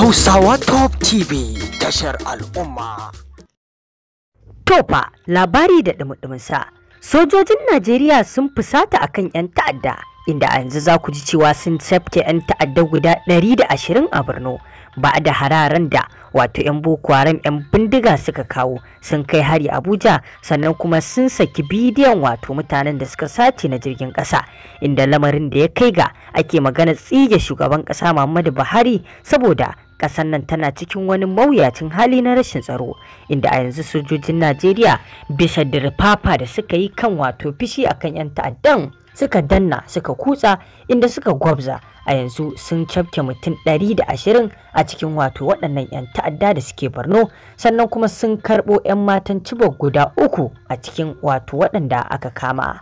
Hausawa Top TV tashar al'umma. Tofa labari da ɗumuɗuminsa. Sojojin Najeriya sun fusata akan 'yan ta'adda inda a yanzu za ku ji cewa sun tsafte 'yan ta'adda guda 120 a Borno ba da hararan da wato 'yan boko haram 'yan bindiga suka kawo sun kai hari abuja sannan kuma sun saki bidiyon wato mutanen da suka sace na jirgin kasa inda lamarin da ya kai ga ake magana tsige shugaban kasa muhammadu buhari saboda ƙasar nan tana cikin wani mawuyacin hali na rashin tsaro inda a yanzu sojojin najeriya bisa da da suka yi kan wato fishi akan 'yan ta'addan suka danna suka kutsa inda suka gwabza a yanzu sun cafke mutum 120 a cikin wato waɗannan 'yan ta'adda da suke barno sannan kuma sun karɓo 'yan matan cibok guda uku a cikin wato waɗanda aka kama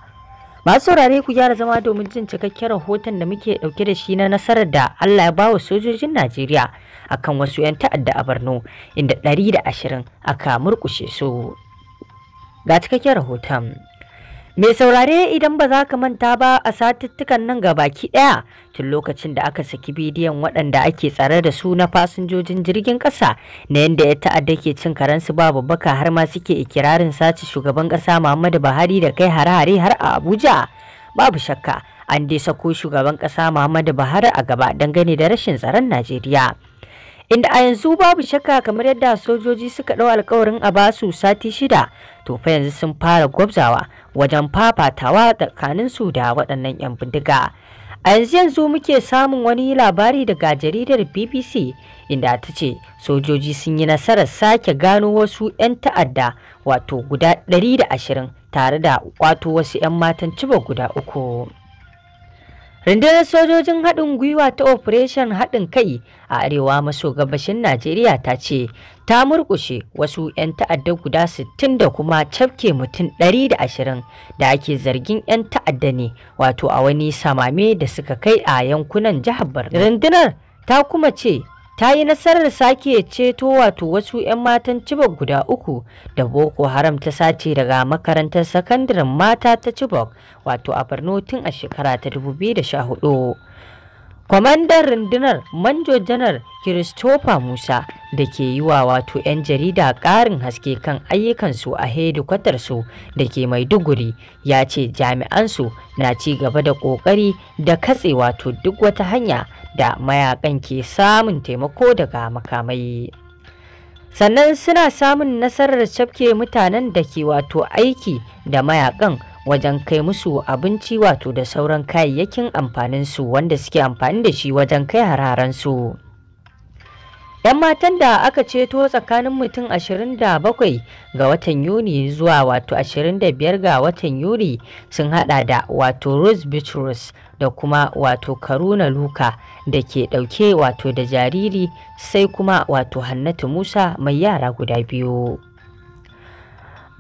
masu saurare ku gyara zama domin jin cikakken rahoton da muke ɗauke da shi na nasarar da allah ya bawa sojojin najeriya akan wasu 'yan ta'adda a barno, inda 120 aka murƙushe su ga cikakken rahoton Mai saurare idan ba za ka manta ba a satuttukan nan ga baki ɗaya tun lokacin da aka saki bidiyon waɗanda ake tsare da su na fasinjojin jirgin ƙasa na yadda ya ta'adda ke cin karensu ba babbaka har ma suke ikirarin sace shugaban ƙasa Muhammadu Buhari da kai hare-hare har a Abuja. Babu shakka an dai sako shugaban ƙasa Muhammadu Buhari a gaba dangane da rashin tsaron Najeriya. inda a yanzu babu shakka kamar yadda sojoji suka ɗau alkawarin a basu sati shida to fa yanzu sun fara gwabzawa wajen fafatawa tsakanin su da waɗannan 'yan bindiga a yanzu yanzu muke samun wani labari daga jaridar bbc inda ta ce sojoji sun yi nasarar sake gano wasu 'yan ta'adda wato guda 120 tare da wato wasu 'yan matan ciba guda uku Rundunar sojojin haɗin gwiwa ta Operation haɗin kai a arewa maso gabashin Najeriya ta ce ta murƙushe wasu 'yan ta'adda guda 60 da kuma cafke mutum 120 da ake zargin 'yan ta'adda ne wato a wani samame da suka kai a yankunan jihar Borno. Rundunar ta kuma ce ta yi nasarar sake ceto wato wasu 'yan matan Chibok guda uku da Boko Haram ta sace daga makarantar sakandaren mata ta Chibok wato a Borno tun a shekara ta 2014. kwamandan rundunar manjo janar christopher musa da ke yi wa wato 'yan jarida ƙarin haske kan ayyukansu a hedikwatarsu da ke maiduguri ya ce jami'ansu na ci gaba da ƙoƙari da katse wato duk wata hanya da mayakan ke samun taimako daga makamai sannan suna samun nasarar cafke mutanen da ke wato aiki da mayakan wajen kai musu abinci wato da sauran kayayyakin amfaninsu wanda suke amfani da shi wajen kai su 'yan matan da aka ceto tsakanin mutum 27 ga watan yuni zuwa wato 25 ga watan yuli sun hada da wato rose Beatrice da kuma wato karuna luka da ke dauke wato da jariri sai kuma wato hannatu musa mai yara guda biyu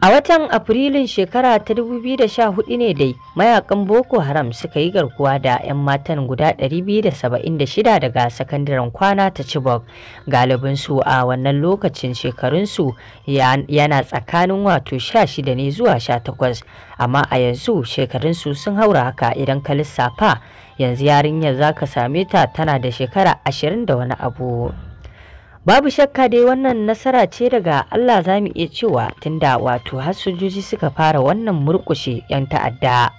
A watan Afrilun shekara ta 2014 ne dai mayakan Boko Haram suka yi garkuwa da 'yan matan guda 276 daga sakandaren kwana ta Chibok. Galibinsu a wannan lokacin shekarunsu yana tsakanin wato 16 ne zuwa 18, amma a yanzu shekarunsu sun haura haka idan ka lissafa yanzu yarinyar za ka same ta tana da shekara 20 da wani abu. Babu shakka dai wannan nasara ce daga Allah za mu iya cewa tunda wato har sojoji suka fara wannan murkushe 'yan ta'adda.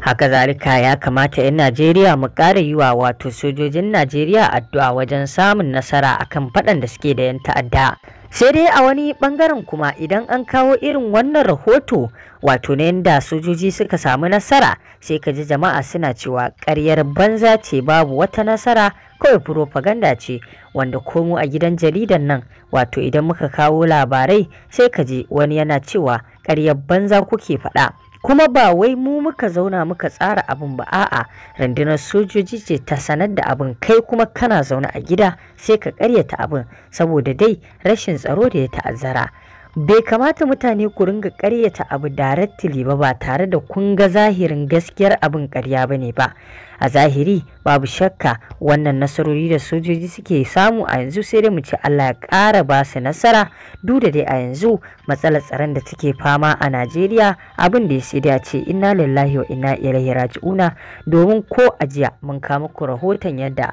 Haka zalika ya kamata 'yan Najeriya mu ƙara yi wa wato sojojin Najeriya addu'a wajen samun nasara akan faɗan da suke da 'yan ta'adda. sai dai a wani bangaren kuma idan an kawo irin wannan rahoto wato na yadda sojoji suka samu nasara sai ka ji jama'a suna cewa karyar banza ce babu wata nasara kawai propaganda ce wanda komo a gidan jaridan nan wato idan muka kawo labarai sai ka ji wani yana cewa karyar banza kuke faɗa kuma ba wai mu muka zauna muka tsara abin ba a'a rundunar sojoji ce ta sanar da abin kai kuma kana zaune a gida sai ka karyata abin saboda dai rashin tsaro da ya ta'azzara bai kamata mutane ku ringa karyata abu directly ba ba tare da kun ga zahirin gaskiyar abin karya ba ne ba a zahiri babu shakka wannan nasarori da sojoji suke samu a yanzu sai dai mu ce Allah ya ƙara ba su nasara duk da dai a yanzu matsalar tsaron da take fama a Najeriya abin da ya sai dai ce inna lillahi wa inna ilaihi raji'una domin ko ajiya mun kama ku rahoton yadda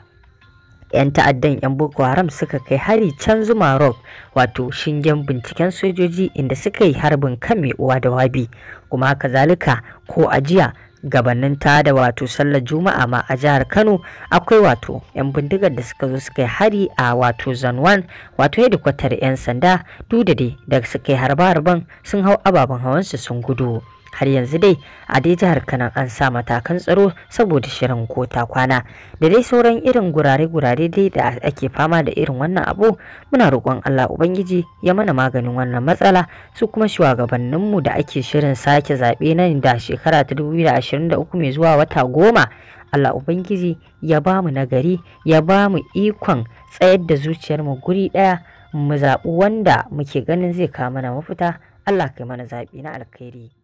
'yan ta'addan 'yan boko haram suka kai hari can zuma rock wato shingen binciken sojoji inda suka yi harbin kan mai uwa da wabi kuma haka zalika ko ajiya gabanin ta da wato sallar juma'a ma a jihar kano akwai wato 'yan bindigar da suka zo suka yi hari a wato zanwan wato hedikwatar 'yan sanda dudade da da suka yi harba-harban sun hau ababen hawansu sun gudu har yanzu dai a dai jihar kanan an sa matakan tsaro saboda shirin ko ta kwana da dai sauran irin gurare-gurare dai da ake fama da irin wannan abu muna roƙon allah ubangiji ya mana maganin wannan matsala su kuma shugabanninmu da ake shirin sake zaɓe nan da shekara ta 2023 mai zuwa wata goma allah ubangiji ya ba mu nagari ya ba mu ikon tsayar da zuciyar mu guri ɗaya mu zaɓi wanda muke ganin zai kawo mana mafita allah kai mana zaɓi na alkhairi